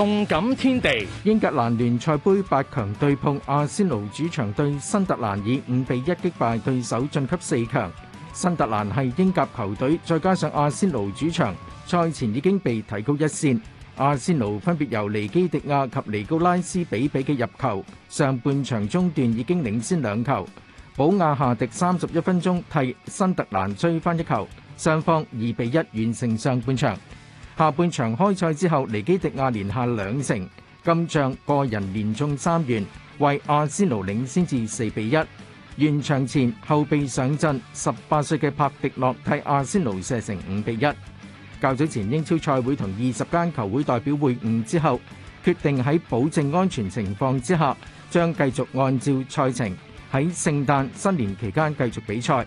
動感天地，英格蘭聯賽盃八強對碰，阿仙奴主場對新特蘭以五比一擊敗對手晉級四強。新特蘭係英甲球隊，再加上阿仙奴主場，賽前已經被提高一綫。阿仙奴分別由尼基迪亞及尼高拉斯比比嘅入球，上半場中段已經領先兩球。保亞夏迪三十一分鐘替新特蘭追翻一球，雙方二比一完成上半場。下半場開賽之後，尼基迪亞連下兩城，今仗個人連中三元，為阿仙奴領先至四比一。完場前後備上陣，十八歲嘅帕迪諾替阿仙奴射成五比一。較早前英超賽會同二十間球會代表會晤之後，決定喺保證安全情況之下，將繼續按照賽程喺聖誕新年期間繼續比賽。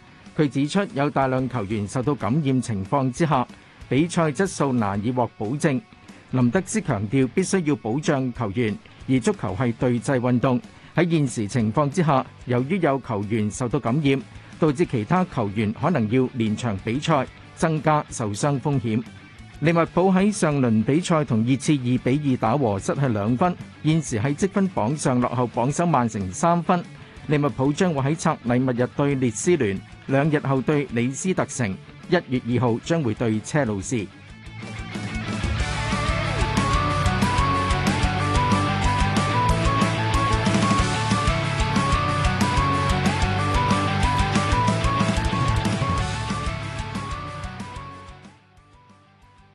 佢指出有大量球員受到感染情況之下，比賽質素難以獲保證。林德斯強調必須要保障球員，而足球係對制運動。喺現時情況之下，由於有球員受到感染，導致其他球員可能要連場比賽，增加受傷風險。利物浦喺上輪比賽同熱刺二比二打和，失去兩分。現時喺積分榜上落後榜首曼城三分。利物浦將會喺拆禮物日對列斯聯，兩日後對李斯特城，一月二號將會對車路士。